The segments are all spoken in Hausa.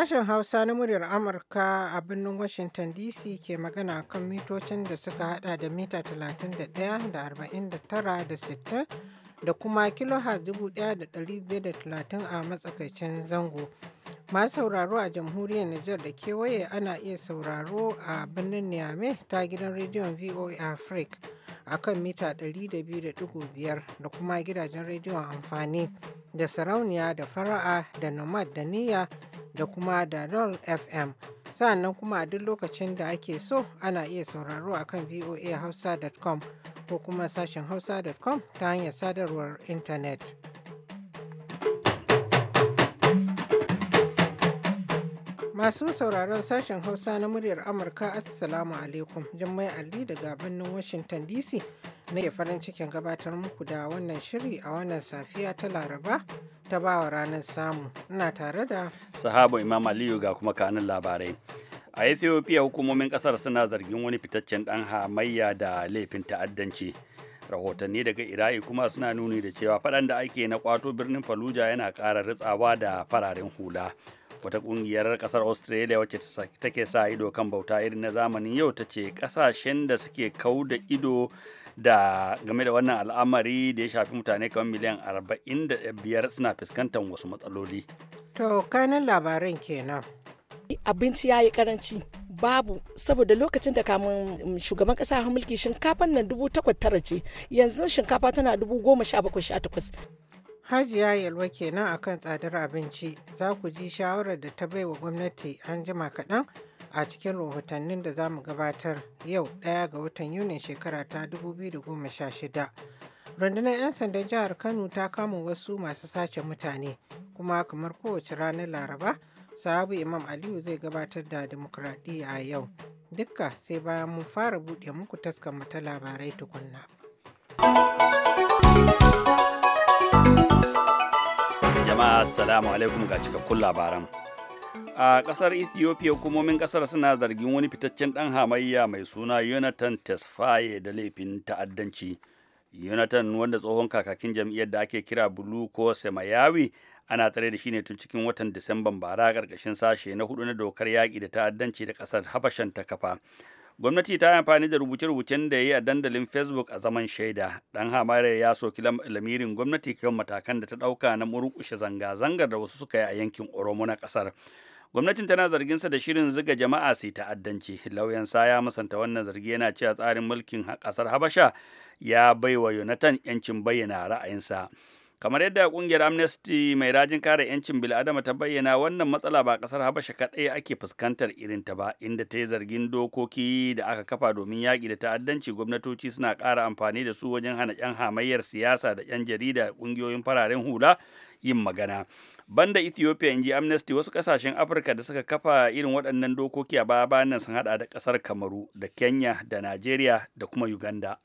Sashen Hausa na muryar Amurka a birnin Washington DC ke magana kan mitocin da suka hada da mita 31 da 49 da 60 da kuma kilohertz 1530 a matsakaicin zango. Masu sauraro a jamhuriyar Nijar da kewaye ana iya sauraro a birnin Niamey ta gidan rediyon VOA Africa a kan mita 200.5 da kuma gidajen rediyon amfani da sarauniya da fara'a da nomad da niyya da kuma da Roll FM. Sa'annan kuma a duk lokacin da ake so ana iya sauraro a kan voahausa.com ko kuma sashen hausa.com ta hanyar sadarwar intanet. Masu sauraron sashen Hausa na muryar Amurka Assalamu alaikum Jummai Ali daga birnin Washington DC nake farin cikin gabatar muku da wannan shiri a wannan safiya ta laraba ta bawa ranar samu ina tare da sahabu imam aliyu ga kuma kanin labarai a ethiopia hukumomin kasar suna zargin wani fitaccen dan hamayya da laifin ta'addanci rahotanni daga iraki kuma suna nuni da cewa faɗan da ake na kwato birnin faluja yana kara ritsawa da fararen hula wata kungiyar kasar australia wacce take sa ido kan bauta irin na zamanin yau ta ce kasashen da suke kau da ido da game da wannan al'amari da ya shafi mutane kamar miliyan arba'in da biyar suna fuskantar wasu matsaloli. To kanin labaran kenan. Abinci ya yi karanci babu saboda lokacin da kamun shugaban kasa har mulki shinkafan nan dubu takwas tara ce yanzu shinkafa tana dubu goma sha bakwai sha takwas. Hajiya Yalwa kenan akan tsadar abinci za ku ji shawarar da ta bai wa gwamnati an jima kaɗan a cikin rahotannin da za mu gabatar yau ɗaya ga watan yunin shekara ta 2016 rundunar 'yan sandan jihar kano ta kama wasu masu sace mutane kuma kamar kowace ranar laraba sahabu imam aliyu zai gabatar da demokradiyya a yau dukka sai bayan mun fara buɗe muku taskar mata labarai tukunna jama'a assalamu alaikum ga cikakkun labaran a kasar ethiopia hukumomin kasar suna zargin wani fitaccen dan hamayya mai suna yonatan tesfaye da laifin ta'addanci yonatan wanda tsohon kakakin jam'iyyar da ake kira bulu ko semayawi ana tsare da shi ne tun cikin watan disamban bara karkashin sashe na hudu na dokar yaƙi da ta'addanci da ƙasar habashan ta kafa gwamnati ta amfani da rubuce-rubucen da ya yi a dandalin facebook a zaman shaida dan hamayar ya soki lamirin gwamnati kan matakan da ta ɗauka na murƙushe zanga-zangar da wasu suka yi a yankin oromo na ƙasar gwamnatin tana zargin sa da shirin zuga jama'a su ta'addanci lauyan sa ya musanta wannan zargi yana cewa tsarin mulkin kasar habasha ya baiwa yonatan yancin bayyana ra'ayinsa kamar yadda kungiyar amnesty mai rajin kare yancin bil'adama ta bayyana wannan matsala ba kasar habasha kadai ake fuskantar irin ta ba inda ta yi zargin dokoki da aka kafa domin yaƙi da ta'addanci gwamnatoci suna ƙara amfani da su wajen hana 'yan hamayyar siyasa da 'yan jarida kungiyoyin fararen hula yin magana banda ethiopia in ji amnesty wasu kasashen afirka da suka kafa irin waɗannan dokoki a baya bayan sun hada da ƙasar kamaru da kenya da nigeria da kuma uganda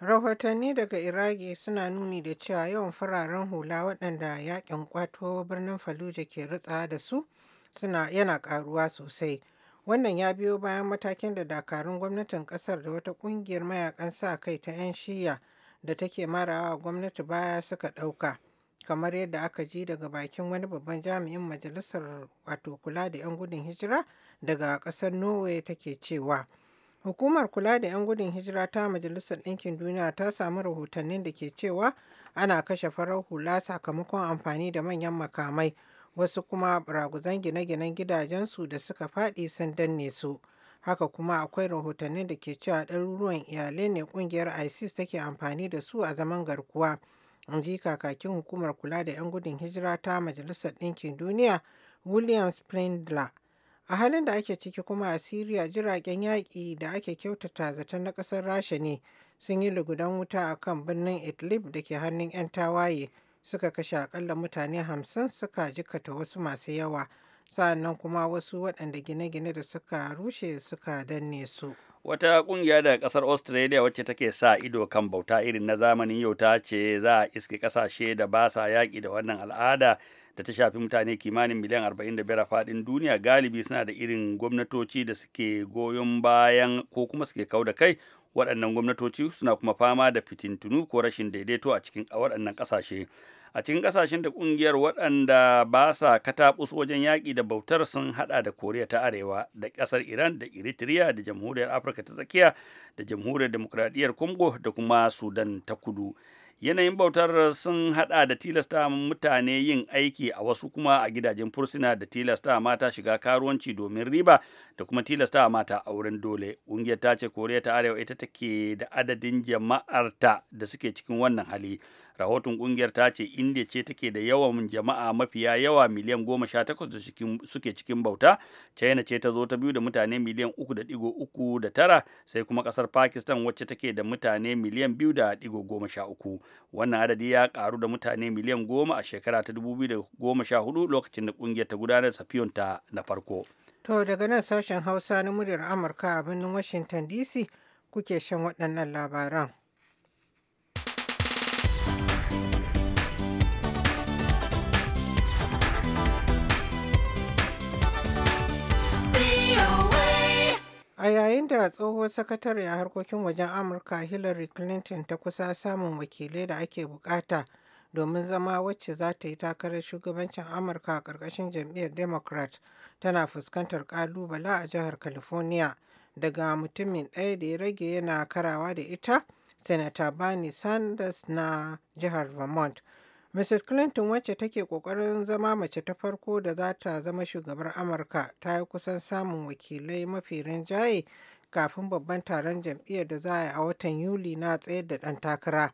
rahotanni daga iraki suna nuni da cewa yawan fararen hula waɗanda yakin kwato birnin fallujah ke rutsa da su suna yana karuwa sosai wannan ya biyo bayan matakin da dakarun gwamnatin kasar da wata kungiyar mayakan sa kai ta 'yan shiya da take marawa gwamnati baya suka ɗauka kamar yadda aka ji daga bakin wani babban jami'in majalisar wato kula da 'yan gudun hijira daga ƙasar norway take cewa hukumar kula da 'yan gudun hijira ta majalisar ɗinkin duniya ta samu rahotannin da ke cewa ana kashe farar hula sakamakon amfani da manyan makamai wasu kuma raguzan gine-ginen gidajensu da suka faɗi sun danne su haka kuma akwai rahotannin da ke cewa ɗaruruwan iyalai ne ƙungiyar isis take amfani da su a zaman garkuwa inji ji kakakin hukumar kula da 'yan gudun hijira ta majalisar ɗinkin duniya william sprindler a halin da ake ciki kuma a syria jiragen yaƙi da ake kyautata zaton na ƙasar rasha ne sun yi lugudan wuta a kan birnin idlib da ke hannun 'yan tawaye suka kashe akalla mutane hamsin suka jikata wasu masu yawa sa'annan kuma wasu waɗanda gine-gine da suka rushe suka danne su. wata kungiya daga kasar australia wacce take sa ido kan bauta irin na zamanin yau ta ce za a iske kasashe da ba sa yaƙi da wannan al'ada da ta shafi mutane kimanin miliyan 45 a faɗin duniya galibi suna da irin gwamnatoci da suke goyon bayan ko kuma suke kau da kai waɗannan gwamnatoci suna kuma fama da fitintunu ko rashin daidaito a cikin waɗannan ƙasashe a cikin kasashen da kungiyar waɗanda ba sa kataɓus wajen yaƙi da bautar sun haɗa da koriya ta arewa da ƙasar iran da eritrea da jamhuriyar afirka ta tsakiya da jamhuriyar demokradiyyar congo da kuma sudan ta kudu yanayin bautar sun haɗa da tilasta mutane yin aiki a wasu kuma a gidajen fursuna da tilasta mata shiga karuwanci domin riba da kuma tilasta mata auren dole ƙungiyar ta ce koriya ta arewa ita take da adadin jama'arta da suke cikin wannan hali rahoton kungiyar ta ce india ce take da yawan jama'a mafiya yawa miliyan goma sha takwas da suke cikin bauta china ce ta zo ta biyu da mutane miliyan uku da digo uku da tara sai kuma kasar pakistan wacce take da mutane miliyan biyu da digo goma sha uku wannan adadi ya karu da mutane miliyan goma a shekara ta dubu biyu da goma sha hudu lokacin da kungiyar ta gudanar safiyonta na farko to daga nan sashen hausa na muryar amurka a birnin washington dc kuke shan waɗannan labaran A yayin da tsohuwar sakatare a harkokin wajen Amurka Hillary Clinton ta kusa samun wakilai da ake bukata domin zama wacce za ta yi takarar shugabancin Amurka a ƙarƙashin jam'iyyar Democrat tana fuskantar ƙalubala a jihar California daga mutumin ɗaya da ya rage yana karawa da ita, Senator Bernie Sanders na jihar Vermont. Mrs. Clinton wacce take kokarin zama mace ta farko da za ta zama shugabar Amurka ta yi kusan samun wakilai mafi rinjaye kafin babban taron jam'iyyar da za a yi a watan Yuli na tsayar da ɗan takara.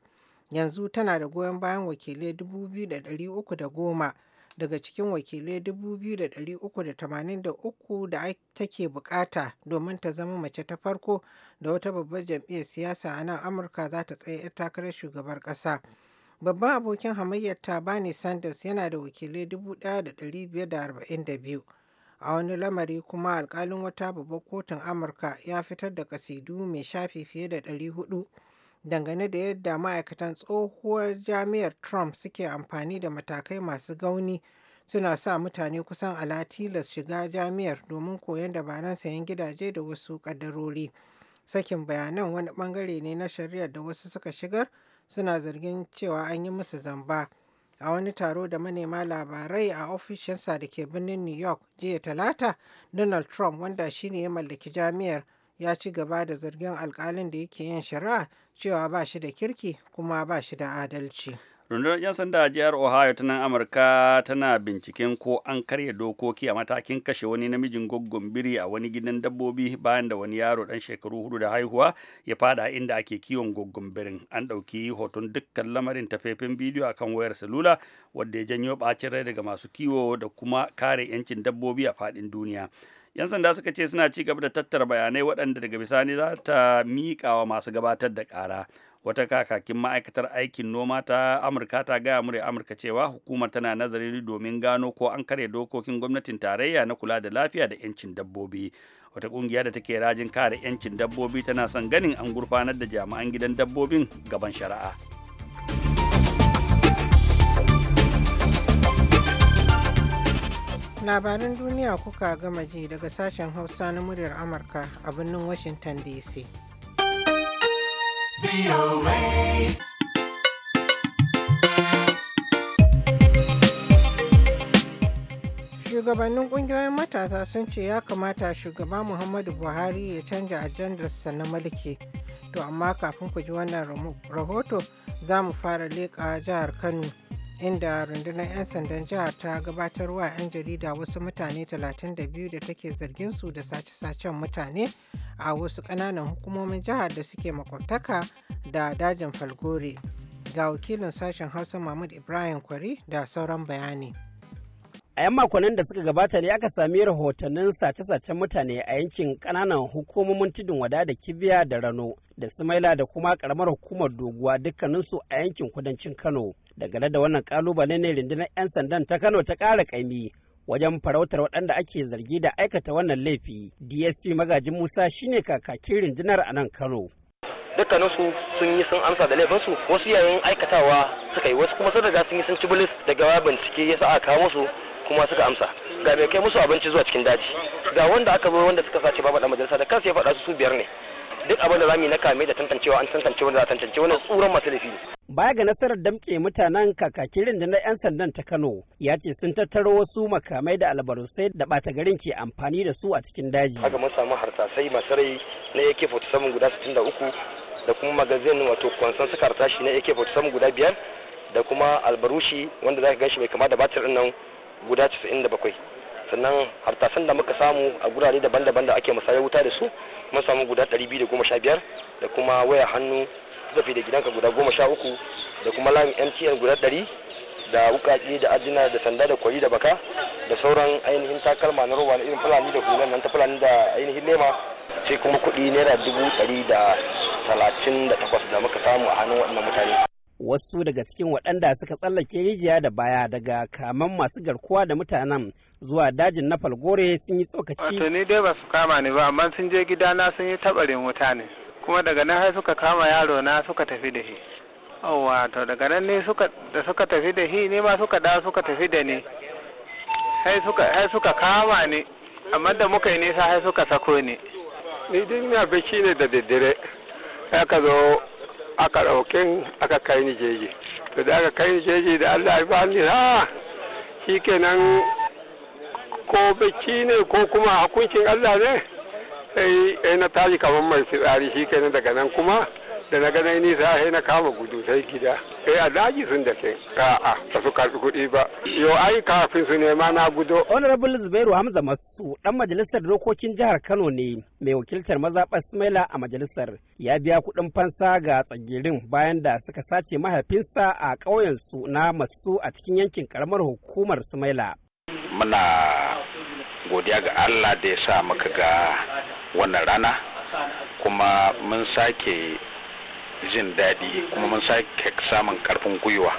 Yanzu tana da goyon bayan wakilai 2,310 daga cikin wakilai 2,383 da take bukata domin ta zama mace ta farko da wata babbar jam'iyyar siyasa a nan Amurka za ta tsaye takarar shugabar ƙasa. Babban abokin hamayyar ta bani Sanders yana da wakilai 1,542. A wani lamari kuma alkalin wata babbar kotun Amurka ya fitar da kasidu mai shafi fiye da 400 dangane da yadda ma'aikatan tsohuwar jami'ar Trump suke amfani da matakai masu gauni suna sa mutane kusan alatilas shiga jami'ar domin koyon dabaran sayan gidaje da wasu ƙaddarori. Sakin bayanan wani bangare ne na shari'ar da wasu suka shigar suna zargin cewa an yi musu zamba. A wani taro da manema labarai a ofishinsa da ke birnin New York jiya talata, Donald Trump wanda shi ne ya mallaki jami'ar ya ci gaba da zargin alkalin da yake yin shari'a cewa ba shi da kirki kuma ba shi da adalci. rundunar 'yan sanda a jihar ohio ta nan amurka tana binciken ko an karya dokoki a matakin kashe wani namijin goggon biri a wani gidan dabbobi bayan da wani yaro dan shekaru hudu da haihuwa ya fada inda ake kiwon goggon birin an ɗauki hoton dukkan lamarin tafefin bidiyo akan wayar salula wadda ya janyo ɓacin rai daga masu kiwo da kuma kare 'yancin dabbobi a faɗin duniya 'yan sanda suka ce suna ci gaba da tattara bayanai waɗanda daga bisani za ta miƙa wa masu gabatar da ƙara wata kakakin ma'aikatar aikin noma ta amurka ta gaya murya amurka cewa hukumar tana nazari domin gano ko an karya dokokin gwamnatin tarayya na kula da lafiya da 'yancin dabbobi wata kungiya da take rajin kare 'yancin dabbobi tana son ganin an gurfanar da jami'an gidan dabbobin gaban shari'a labaran duniya kuka gama ji daga sashen hausa na muryar amurka a birnin washington dc Shugabannin ƙungiyoyin matasa sun ce ya kamata shugaba Muhammadu Buhari ya canja ajandarsa na mulki. To amma kafin ku ji wannan rahoto za mu fara leƙa jihar Kano. inda rundunar 'yan sandan jihar ta gabatar wa 'yan jarida wasu mutane 32 da take zargin su da sace-sacen mutane a wasu kananan hukumomin jihar da suke makwabtaka da dajin falgore ga wakilin sashen hausa mahmud ibrahim kwari da sauran bayani a yan makonnin da suka gabata ne aka sami rahotannin sace-sacen mutane a yankin kananan hukumomin tudun wada da kibiya da rano da sumaila da kuma karamar hukumar doguwa dukkaninsu a yankin kudancin kano daga da wannan kalubale ne rundunar 'yan sandan ta kano ta ƙara ƙaimi wajen farautar waɗanda ake zargi da aikata wannan laifi dsp magajin musa shine kakakin rundunar a nan kano dukkaninsu sun yi sun amsa da laifinsu wasu yayin aikatawa suka yi wasu kuma sun riga sun yi sun ci bilis daga bincike ya sa aka kawo musu kuma suka amsa ga mai kai musu abinci zuwa cikin daji ga wanda aka zo wanda suka sace babu da majalisa da kansu ya faɗa su su biyar ne duk abin da zamu yi na kame da tantancewa an tantance wanda za a tantance wannan tsuran masu laifi Baya ga nasarar damƙe mutanen da na 'yan sandan ta Kano ya ce sun tattaro wasu makamai da albarusai da ɓata garin ke amfani da su a cikin daji. Aka mun samu hartasai masu rai na AK-47 guda 63 da kuma magazin wato kwansan suka hartashi na AK-47 guda 5 da kuma albarushi wanda za ka gan shi mai kama da batir nan guda 97. sannan hartasan da muka samu a gurare daban-daban da ake musayar wuta da su mun samu guda 215 da kuma waya hannu masu tafi da gidanka guda goma sha uku da kuma layin mtn guda ɗari da wukaki da adina da sanda da kwari da baka da sauran ainihin takalma na roba na irin fulani da hulan nan ta fulani da ainihin nema sai kuma kuɗi naira dubu ɗari da talatin da takwas da muka samu a hannun waɗannan mutane. wasu daga cikin waɗanda suka tsallake rijiya da baya daga kaman masu garkuwa da mutanen zuwa dajin na falgore sun yi tsokaci. Wato ni dai ba su kama ni ba amma sun je gidana sun yi tabarin wuta ne. kuma daga nan har suka kama yaro na suka tafi da shi awa to daga nan ne suka da suka tafi da shi ne ma suka da suka tafi da ni sai suka sai suka kama ni amma da muka yi nisa sai suka sako ni ni din na bacci ne da daddare aka zo aka ɗaukin aka kai ni jeji to da aka kai ni jeji da Allah ya bani na shikenan ko bacci ne ko kuma hukuncin Allah ne sai na tashi kamar mai fitsari shi kenan daga nan kuma da na ganai nisa sai na kama gudu sai gida sai a daji sun da ke a'a ba su karbi kuɗi ba yo ai kafin su nema na gudo honorable zubairu hamza masu dan majalisar dokokin jihar kano ne mai wakiltar mazaɓar smaila a majalisar ya biya kuɗin fansa ga tsagirin bayan da suka sace mahaifinsa a ƙauyen su na masu a cikin yankin karamar hukumar smaila muna godiya ga allah da ya sa muka ga wannan rana kuma mun sake jin daɗi kuma mun sake samun karfin gwiwa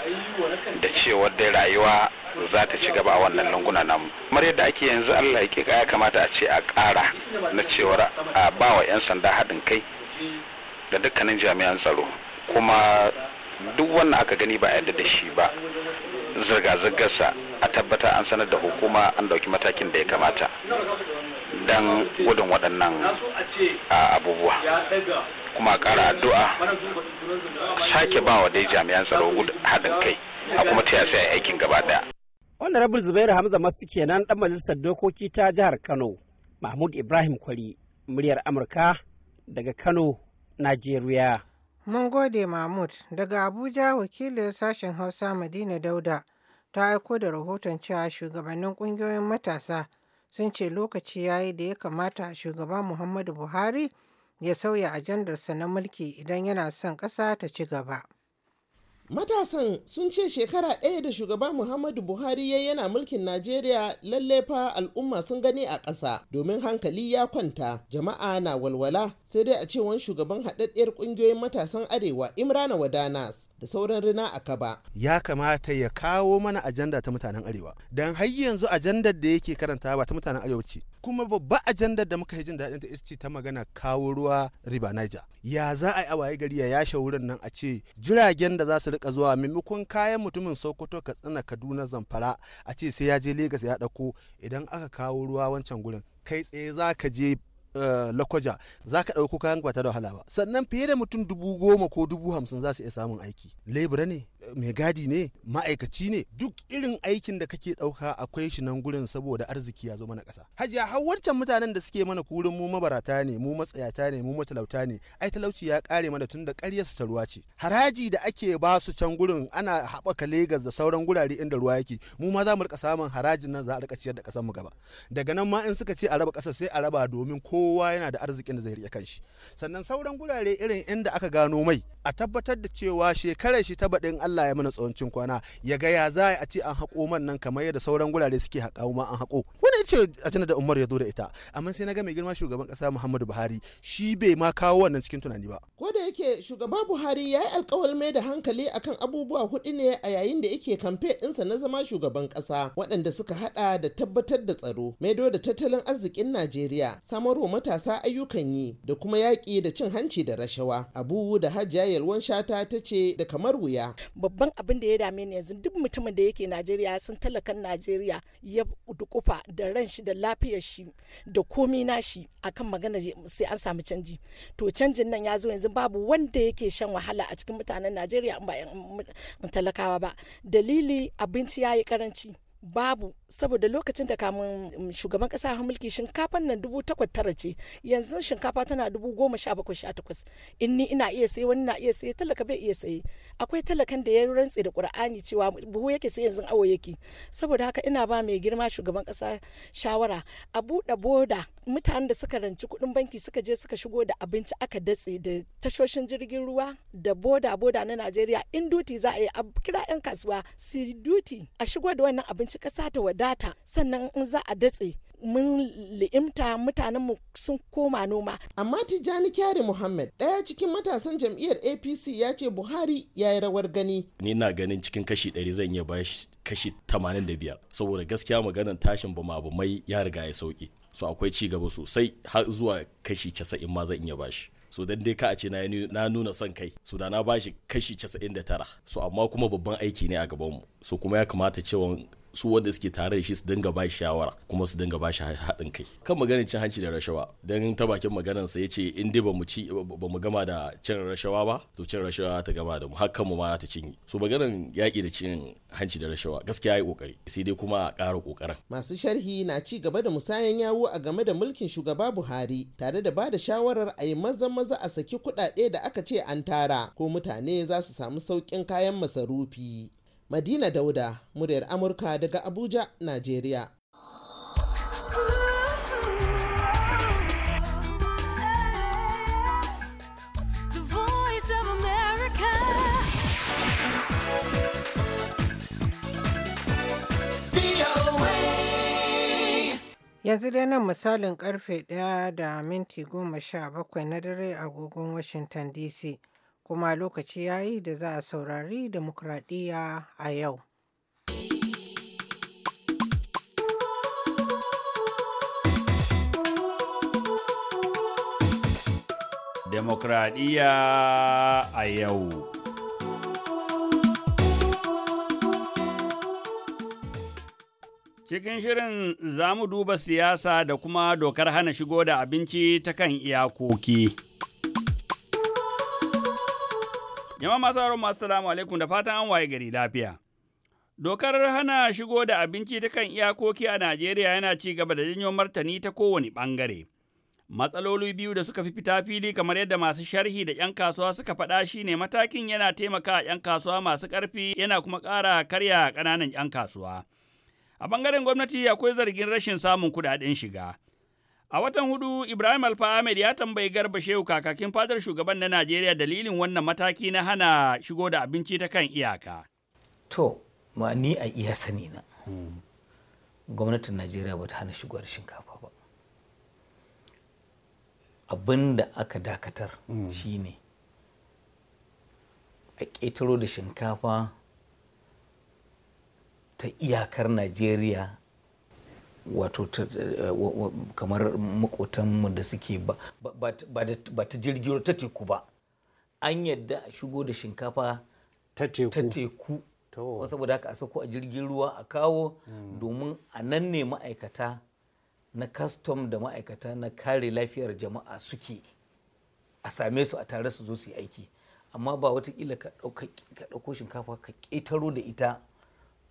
da cewa dai rayuwa za ta ci gaba a wannan lunguna namu kamar yadda ake yanzu allah ya ya kamata a ce a ƙara na cewa a bawa 'yan sanda haɗin kai da dukkanin jami'an tsaro kuma duk wannan aka gani ba yadda da shi ba zirga-zirgarsa a tabbata an sanar da hukuma an dauki matakin da ya kamata don gudun waɗannan abubuwa kuma ƙara addu'a sake ba wa dai jami'an tsaro haɗin kai a kuma ta sai aikin gaba ɗaya. rabin zubairu hamza masu kenan ɗan majalisar dokoki ta jihar kano mahmud ibrahim kwari muryar amurka daga kano najeriya Mun gode Mahmud. Daga Abuja wakilin sashen Hausa Madina Dauda ta aiko da rahoton cewa shugabannin kungiyoyin matasa sun ce lokaci ya yi da ya kamata shugaba Muhammadu Buhari ya sauya ajandarsa na mulki idan yana son ƙasa ta ci gaba. Matasan sun ce shekara ɗaya da shugaba Muhammadu Buhari ya yana mulkin Najeriya lalle fa al'umma sun gani a ƙasa domin hankali ya kwanta jama'a na walwala sai dai a cewan shugaban haɗaɗɗiyar ƙungiyoyin matasan Arewa Imrana Wadanas da sauran rina a kaba. Ya kamata ya kawo mana ajanda ta mutanen Arewa don har yanzu ajandar da yake karanta ba ta mutanen Arewa ce kuma babba ajandar da muka yi jin daɗin ta ita ce ta magana kawo ruwa riba Niger ya za a yi a waye gari ya yashe wurin nan a ce jiragen da za su rika zuwa maimakon kayan mutumin Sokoto Katsina Kaduna Zamfara a ce sai ya je Lagos ya ɗauko idan aka kawo ruwa wancan gurin kai tsaye za ka je eh, lakwaja za ka ɗauko kayan ba da wahala ba sannan fiye da mutum dubu goma ko dubu hamsin za su iya samun aiki lebura ne mai gadi ne ma'aikaci ne duk irin aikin da kake ɗauka akwai shi nan gurin saboda arziki ya zo mana ƙasa hajiya har wancan mutanen da suke mana kurin mu mabarata ne mu matsayata ne mu matalauta ne ai talauci ya kare mana tun da ƙaryar ta ruwa ce haraji da ake ba su can gurin ana haɓaka Legas da sauran gurare inda ruwa yake mu ma za mu rika samun harajin nan za a rika ciyar da ƙasar mu gaba daga nan ma in suka ce a raba ƙasar sai a raba domin kowa yana da arzikin da zai riƙe kanshi sannan sauran gurare irin inda aka gano mai a tabbatar da cewa shekarar shi ta baɗin Allah ya mana tsawancin kwana ya ga ya za a ce an haƙo man nan kamar yadda sauran gurare suke haƙa ma an haƙo wani ce a tana da Umar ya zo da ita amma sai na ga mai girma shugaban ƙasa Muhammadu Buhari shi bai ma kawo wannan cikin tunani ba ko da yake shugaba Buhari ya yi alƙawar mai da hankali akan abubuwa hudu ne a yayin da yake kamfe ɗinsa na zama shugaban kasa waɗanda suka haɗa da tabbatar da tsaro maido da tattalin arzikin Najeriya samarwa matasa ayyukan yi da kuma yaƙi da cin hanci da rashawa abu da hajiya yalwan shata ta ce da kamar wuya babban abin da ya dame ni yanzu duk mutumin da yake najeriya sun talakan najeriya ya dukufa da ran shi da lafiyar shi da komi na shi akan magana sai an samu canji to canjin nan ya zo yanzu babu wanda yake shan wahala a cikin mutanen najeriya in ba talakawa ba dalili abinci ya yi karanci babu saboda lokacin da kamun mm, shugaban kasa har mulki shinkafan nan dubu takwas tara ce yanzu shinkafa tana dubu goma sha bakwai sha takwas in ni ina iya saye wani na iya saye talaka bai iya saye akwai talakan da ya rantse da kur'ani cewa buhu yake sai yanzu awo yake saboda haka ina ba mai girma shugaban kasa shawara a buɗe boda mutanen da suka ranci kuɗin banki suka je suka shigo da abinci aka datse da tashoshin jirgin ruwa da boda boda na najeriya in duti za a yi a kira 'yan kasuwa su duti a shigo da wannan abinci kasa ta wada wadata sannan in za a datse mun li'imta mutanenmu sun koma noma. Amma Tijjani Kyari Muhammad ɗaya cikin matasan jam'iyyar APC ya ce Buhari ya yi rawar gani. Ni na ganin cikin kashi ɗari zan iya ba kashi tamanin biyar saboda gaskiya maganar tashin bama abu mai ya riga ya sauki. So akwai ci gaba sosai har zuwa kashi casa'in ma zan iya bashi. so dan dai ka a ce na nuna son kai so da na ba bashi kashi 99 so amma kuma babban aiki ne a gabanmu so kuma ya kamata cewa su wanda suke tare da shi su dinga ba shawara kuma su dinga ba haɗin kai kan maganin cin hanci da rashawa don ta bakin maganar sa yace in dai bamu ci bamu gama da cin rashawa ba to cin rashawa ta gama da mu hakan mu ma ta cinye so maganar yaƙi da cin hanci da rashawa gaskiya yi kokari sai dai kuma a ƙara kokarin masu sharhi na ci gaba da musayan yawo a game da mulkin shugaba Buhari tare da ba da shawarar a yi maza maza a saki kuɗaɗe da aka ce an tara ko mutane za su samu saukin kayan masarufi Madina Dauda, muryar Amurka daga Abuja, Najeriya. Yanzu dai nan misalin karfe ɗaya da minti goma sha bakwai na dare agogon Washington DC. kuma lokaci ya yi da za a saurari demokradiyya a yau. Demokradiyya a yau. Cikin shirin za mu duba siyasa da kuma dokar hana shigo da abinci ta kan iyakoki. Jama'a masu haro masu salamu alaikum da fatan an waye gari lafiya. Dokar hana shigo da abinci ta kan iyakoki a Najeriya yana ci gaba da janyo martani ta kowane ɓangare. Matsaloli biyu da suka fi fita fili kamar yadda masu sharhi da 'yan kasuwa suka faɗa shi ne matakin yana taimaka 'yan kasuwa masu ƙarfi yana kuma ƙara karya ƙananan 'yan kasuwa. A ɓangaren gwamnati akwai zargin rashin samun kuɗaɗen shiga. A watan hudu, Ibrahim Alfa Ahmed ya tambayi Garba Shehu kakakin fadar shugaban na Najeriya dalilin wannan mataki na hana shigo da abinci ta kan iyaka. To, ma ni a iya sani na. Gwamnatin Najeriya ba ta hana shigo da shinkafa ba. Abin da aka dakatar mm. shi ne a ƙetaro da shinkafa ta iyakar Najeriya wato eh, kamar mu da suke ba ta jirgin ta teku ba an yadda a shigo da shinkafa ta teku saboda haka a sako a jirgin ruwa a kawo hmm. domin a nan ne ma'aikata na kastom da ma'aikata na kare lafiyar jama'a suke a same su a tare su zo su yi aiki amma ba watakila ka ɗauko shinkafa ka ƙetaro da ita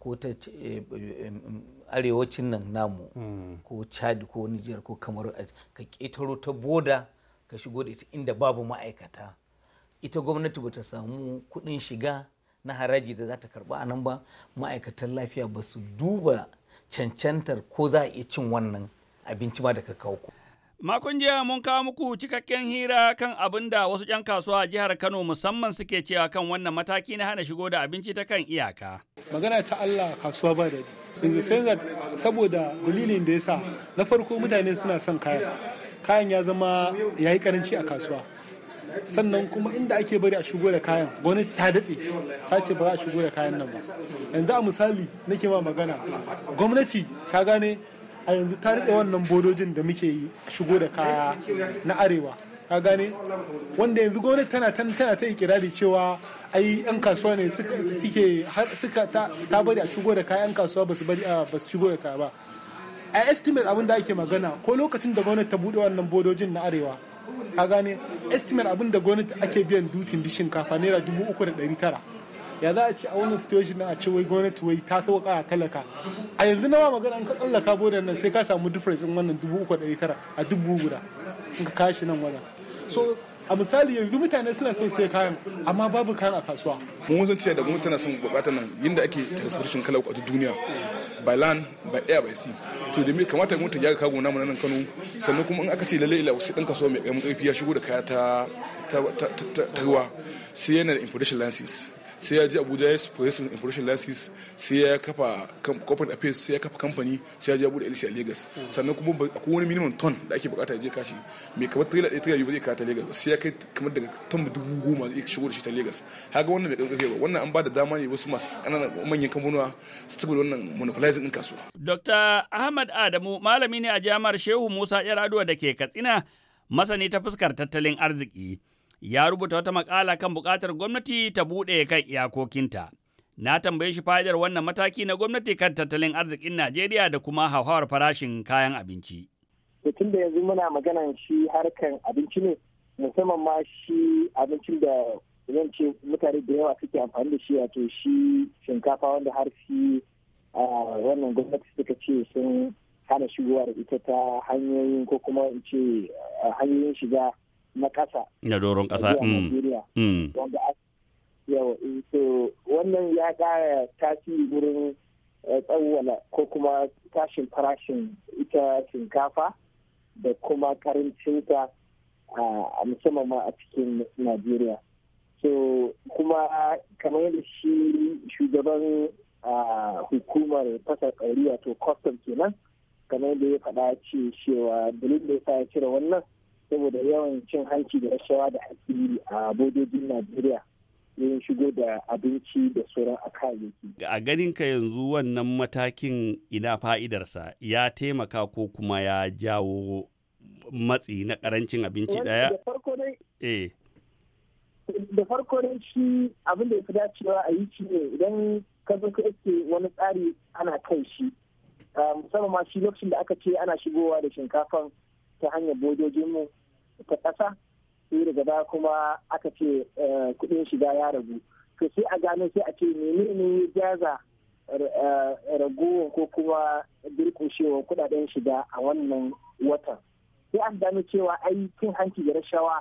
ko ta eh, eh, mm, mm, arewacin nan namu mm. ko chad ko Nijar ko kamar ka ƙetaro ta boda ka shigo da ita inda babu ma'aikata ita gwamnati ba ta samu kuɗin shiga na haraji da za ta karba a nan ba ma'aikatan lafiya ba su duba cancantar ko za a iya cin wannan abinci ma da ka kawo Makon jiya mun kawo muku cikakken hira kan abin da wasu 'yan kasuwa a jihar Kano musamman suke cewa kan wannan mataki na hana shigo da abinci ta kan iyaka. Magana ta Allah kasuwa ba da yanzu sai saboda dalilin da yasa na farko mutane suna son kayan kayan ya zama ya yi karanci a kasuwa sannan kuma inda ake bari a shigo da kayan wani ta datse ta ce ba za a shigo da kayan nan ba yanzu a misali nake ma magana gwamnati ta gane a yanzu ta riƙe wannan bodojin da muke yi shigo da kaya na arewa ka gane wanda yanzu gwamnati tana tana ta ikirari cewa ai yan kasuwa ne suke suka ta bari a shigo da kaya yan kasuwa ba su bari a ba shigo da kaya ba a estimate abin da ake magana ko lokacin da gwamnati ta bude wannan bodojin na arewa ka gane estimate abin da gwamnati ake biyan dutin dishin shinkafa naira dubu uku da ɗari tara ya za a ce a wannan situation na a ce wai gwamnati wai ta sauka a talaka a yanzu nawa magana an ka tsallaka bodan nan sai ka samu difference din wannan dubu uku ɗari tara a dubu guda in ka kashi nan wannan so a misali yanzu mutane suna son sai kayan amma babu kayan a kasuwa mun san cewa da gwamnati tana son bukatar nan yadda ake transportation kala a duniya by land by air by sea to da me kamata gwamnati ya kago namu nan Kano sannan kuma in aka ce lalle ila sai dan kasuwa mai kai karfi ya shigo da kaya ta ta ruwa sai yana da importation license sai ya je abuja ya processing importation license sai ya kafa corporate affairs sai ya kafa kamfani sai ya je abuja lc a lagos sannan kuma akwai wani minimum ton da ake bukata ya je kashi mai kamar trailer ɗaya trailer biyu ba zai kata legas lagos sai ya kai kamar daga ton dubu goma zai shigo da shi ta lagos haka wannan mai kankan ba wannan an ba da dama ne wasu masu ƙananan manyan kamfanuwa su tabbata wannan monopolizing ɗin kasuwa. dr ahmad adamu malami ne a jami'ar shehu musa yar'aduwa da ke katsina masani ta fuskar tattalin arziki. ya rubuta wata makala kan buƙatar gwamnati ta buɗe kan iyakokinta. Na tambaye shi fa'idar wannan mataki na gwamnati kan tattalin arzikin Najeriya da kuma hauhawar farashin kayan abinci. Tun da yanzu muna maganan shi harkan abinci ne, musamman ma shi abincin da zan ce mutane da yawa suke amfani da shi wato shi shinkafa wanda har shi wannan gwamnati suka ce sun hana shigowa da ita ta hanyoyin ko kuma in ce hanyoyin shiga na ƙasa. Na doron ƙasa. Mm, mm. Eh, wannan ya ƙara tasiri wurin eh, tsawwala ko kuma tashin farashin ita shinkafa da kuma karancinta a musamman ma a cikin Najeriya. So kuma kamar yadda shi shugaban hukumar fasa ƙauri wato custom kenan kamar yadda ya faɗa ce cewa dalilin da ya sa ya cire wannan saboda yawan cin hanci da rashawa da ake a bodojin najeriya yin shigo da abinci da sauran a kayayyaki. A ganin ka yanzu wannan matakin ina fa'idarsa ya taimaka ko kuma ya jawo matsi na karancin abinci daya? Eh. Da farko dai shi abin da ya fi dacewa a yi shi ne idan ka zo ka yake wani tsari ana kai shi. Ah, musamman ma shi lokacin da aka ce ana shigowa da shinkafan ta hanyar bodojinmu. mu ta kasa sai daga baya kuma aka ce eh, kuɗin shiga ya ragu to sai a gano sai a ce menene jaza eh, ragowar ko kuma birkushewar kudaden shiga a wannan watan sai an gano cewa ai cin hanci da rashawa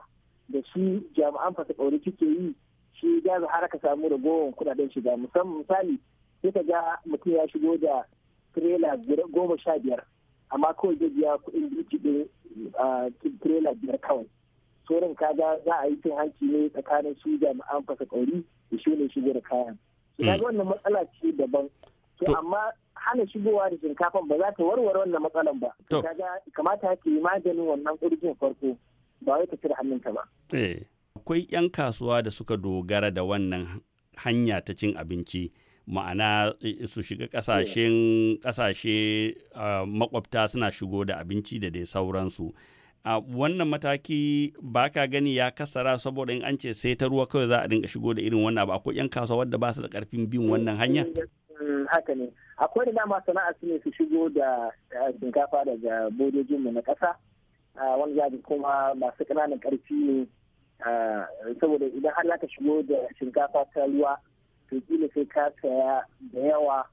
da shi jami'an fasa ƙauri kike yi shi jaza har aka samu ragowar kudaden shiga musamman misali sai ka ga mutum ya shigo da tirela goma sha biyar amma kawai zai biya kuɗin birki ɗin tirela biyar kawai sauran kaga za a yi cin hanci ne tsakanin su jami'an fasa kauri da shi ne shigo da kayan su mm. wannan matsala ce daban to amma hana shigowa da shinkafan ba za ta warware wannan matsalan ba kaga kamata ake yi maganin wannan ƙurjin farko ba wai ta cire hannunta ba eh, akwai 'yan kasuwa da suka dogara da wannan hanya ta cin abinci ma'ana su shiga kasashen kasashe makwabta suna shigo da abinci da dai sauransu wannan mataki ba ka gani ya kasara saboda in an ce sai ta ruwa kawai za a dinga shigo da irin wannan ba akwai yan kasuwa wadda ba su da karfin bin wannan hanya mm, haka ne akwai da dama sana'a su ne su shigo da shinkafa daga mu na kasa wani zaɓi kuma masu ƙananan ƙarfi ne saboda idan har ka shigo da shinkafa ta ruwa to kila sai ka saya da yawa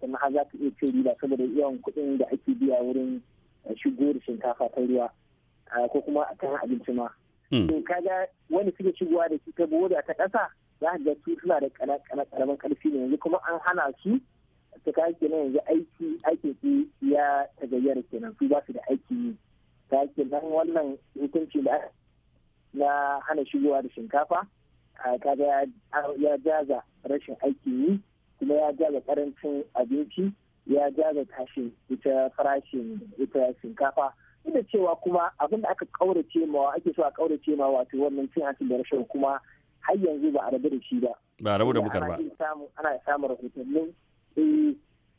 kuma har za ka iya ce riba saboda yawan kuɗin da ake biya wurin eh, shigo da shinkafa ta ruwa ko kuma a kan abinci ma. Hmm. To ga wani suke shigowa da shi ta boda ta ƙasa za ga su suna da ƙaramin ƙarfi ne yanzu kuma an hana su ta ke kenan yanzu aiki aikin su ya tagayyara kenan su ba su da aiki yi. Ta kenan wannan hukunci da na hana shigowa da shinkafa kaga ya jaza rashin aikin yi kuma ya jaza karancin abinci ya jaza tashin ita farashin ita shinkafa inda cewa kuma abin da aka kaurace ma ake so a kaurace ma wato wannan cin hancin da rashin kuma har yanzu ba a rabu da shi ba ba rabu da bukar ba ana samun rahotannin eh,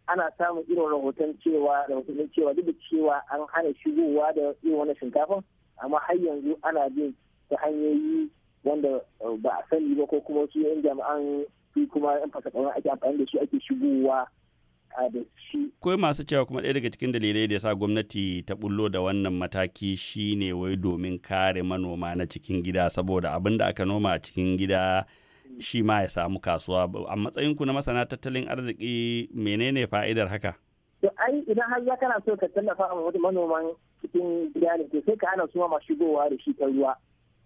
ana samun irin rahoton cewa rahotannin cewa duk da cewa an hana shigowa da irin wannan shinkafa. amma har yanzu ana bin ta hanyoyi wanda uh, ba a sani ba ko kuma su yan jami'an su kuma yan fasakawa ake amfani da su ake shigowa da shi. Kawai masu cewa kuma ɗaya daga cikin dalilai da ya sa gwamnati ta bullo da wannan mataki shi ne wai domin kare manoma na cikin gida saboda abin da aka noma a cikin gida shi ma ya samu kasuwa a matsayinku na masana tattalin arziki menene fa'idar haka? ai idan har ya kana so ka tallafa a manoman cikin gida ne sai ka ana suma masu shigowa da shi ta ruwa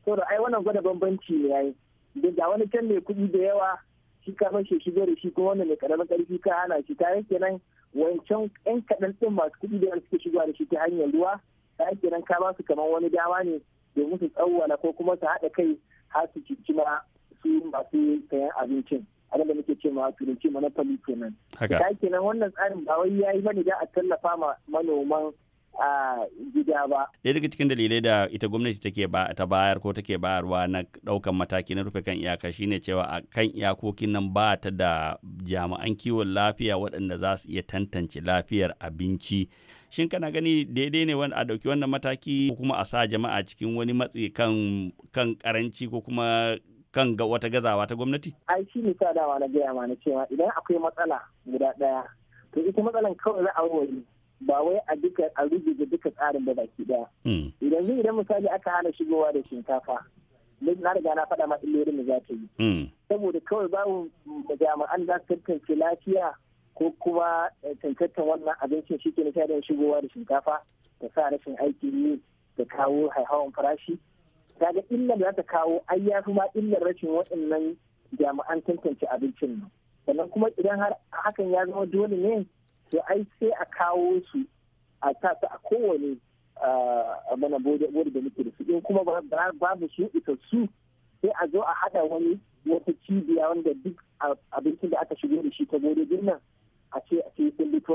to da ai wannan gwada bambanci ne yayi da ga wani can mai kuɗi da yawa shi ka fashe shi da shi ko wanda mai karamin karfi ka hana shi ta yake nan wancan yan kaɗan ɗin masu kuɗi da yawa suke shigowa da shi ta hanyar ruwa ta yake nan ka ba su kamar wani dama ne domin su tsawwala ko kuma su haɗa kai har su cicima su masu sayan abincin abin da muke ce ma turanci fali kenan. Ta nan wannan tsarin ba wai yayi bane da a tallafa ma manoman a gida ba. Ɗaya daga cikin dalilai da ita gwamnati take ta bayar ko take bayarwa na ɗaukan mataki na rufe kan iyaka shine cewa a kan iyakokin nan ba ta da jami'an kiwon lafiya waɗanda za su iya tantance lafiyar abinci. Shin kana gani daidai ne a ɗauki wannan mataki ko kuma a sa jama'a cikin wani matsi kan kan karanci ko kuma kan ga wata gazawa ta gwamnati? Ai shi ne sa dama na gaya ma na cewa idan akwai matsala guda ɗaya to ita matsalan kawai za a wani ba wai a duka a rubuta duka tsarin ba baki daya hmm. idan zai idan misali aka hana shigowa da shinkafa na riga na faɗa ma illolin mu za ta yi hmm. saboda kawai babu jami'an za su tantance lafiya ko kuma eh, tantantan wannan abincin shi ke na shaidar shigowa da shinkafa da sa rashin aiki ne da kawo haihawan farashi kaga illar za ta kawo ai ya fi ma illar rashin waɗannan jami'an tantance abincin nan sannan kuma idan har hakan ya zama dole ne to ai sai a kawo su a sa su a kowane ah, mana bodo da muke da su in kuma ba su su sai a zo a hada wani wata cibiya wanda duk abincin da aka shigo da shi ta bodojin nan a ce a ce sun bito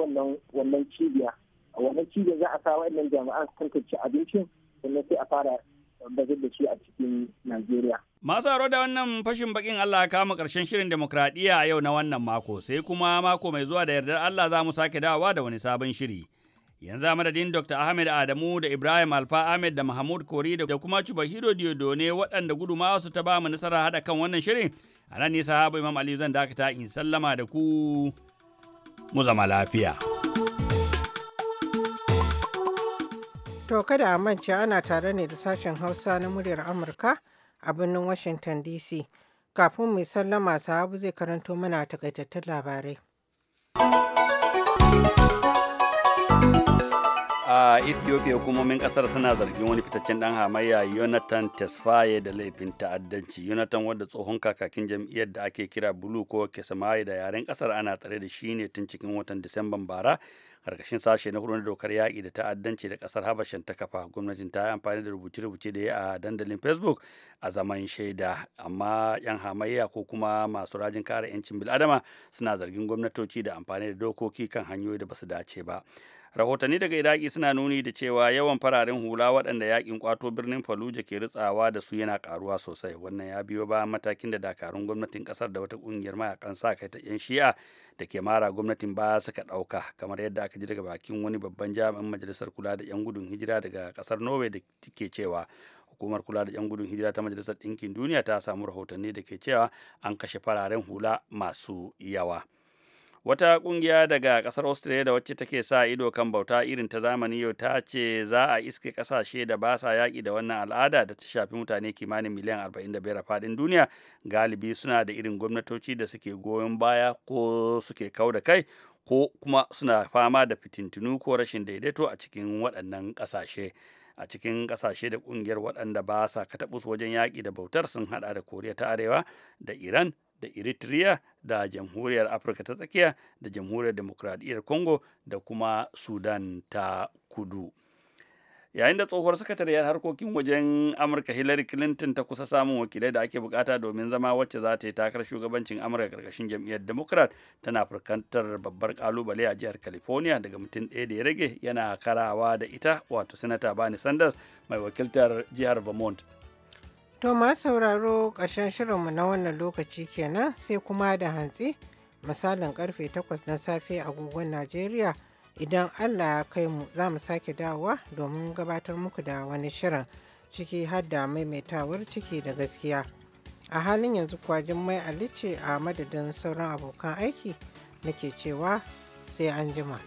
wannan cibiya a wannan cibiya za a sa wa'annan jami'an tantance abincin sannan sai a fara bazar da su a cikin Najeriya. Masu aro da wannan fashin bakin Allah kama karshen shirin demokradiyya a yau na wannan mako sai kuma mako mai zuwa da yardar Allah za mu sake dawowa da wani sabon shiri. Yanzu a madadin Dr. Ahmed Adamu da Ibrahim Alfa Ahmed da Mahmud Kori da kuma Chubahiro Diodone waɗanda gudumawa su ta ba mu nasara haɗa kan wannan shirin. A nan nisa Imam Ali zan dakata in sallama da ku mu zama lafiya. To kada a mance ana tare ne da sashen Hausa na muryar Amurka a birnin Washington DC. Kafin mai sallama sahabu zai karanto mana takaitattun labarai. A Ethiopia hukumomin kasar suna zargin wani fitaccen dan hamayya yonatan Tesfaye da laifin ta'addanci. yonatan wanda tsohon kakakin jam'iyyar da ake kira Bulu ko Kesamaye da yaren kasar ana tsare da shi ne tun cikin watan Disamban bara karkashin sashe na hudu na dokar yaƙi da ta'addanci da ƙasar habashin ta kafa gwamnatin ta yi amfani da rubuce-rubuce da ya a dandalin facebook a zaman shaida amma yan hamayya ko kuma masu rajin kare 'yancin bil'adama suna zargin gwamnatoci da amfani da dokoki kan hanyoyi da basu dace ba rahotanni daga iraki suna nuni da cewa yawan fararen hula waɗanda yakin kwato birnin faluja ke rutsawa da su yana karuwa sosai wannan ya biyo ba matakin da dakarun gwamnatin kasar da wata kungiyar mayakan sa kai ta yan shi'a da ke mara gwamnatin baya suka ɗauka kamar yadda aka ji daga bakin wani babban jami'in majalisar kula da yan gudun hijira daga kasar norway da ke cewa hukumar kula da yan gudun hijira ta majalisar ɗinkin duniya ta samu rahotanni da ke cewa an kashe fararen hula masu yawa. wata kungiya daga kasar australia da wacce take sa ido kan bauta irin ta zamani yau ta ce za a iske kasashe da ba sa yaƙi da wannan al'ada da ta shafi mutane kimanin miliyan 45 a faɗin duniya galibi suna da irin gwamnatoci da suke goyon baya ko suke kau da kai ko kuma suna fama da fitintunu ko rashin daidaito a cikin waɗannan ƙasashe a cikin ƙasashe da ƙungiyar waɗanda ba sa wajen yaƙi da bautar sun haɗa da koriya ta arewa da iran da eritrea da jamhuriyar afirka ta tsakiya da jamhuriyar demokradiyyar congo da kuma sudan ta kudu yayin da tsohuwar sakatariyar harkokin wajen amurka hillary clinton ta kusa samun wakilai da ake bukata domin zama wacce za ta yi takarar shugabancin amurka karkashin jam'iyyar democrat tana fuskantar babbar kalubale a jihar california daga mutum ɗaya da ya rage yana karawa da ita wato Senator bani sanders mai wakiltar jihar vermont To ma sauraro ƙarshen shirinmu na wannan lokaci kenan sai kuma da hantsi misalin karfe 8 na safe agogon Najeriya idan Allah ya kai mu za mu sake dawowa domin gabatar muku da wani shirin ciki har da maimaitawar ciki da gaskiya. A halin yanzu kwajin mai alice a madadin sauran abokan aiki nake cewa sai an jima.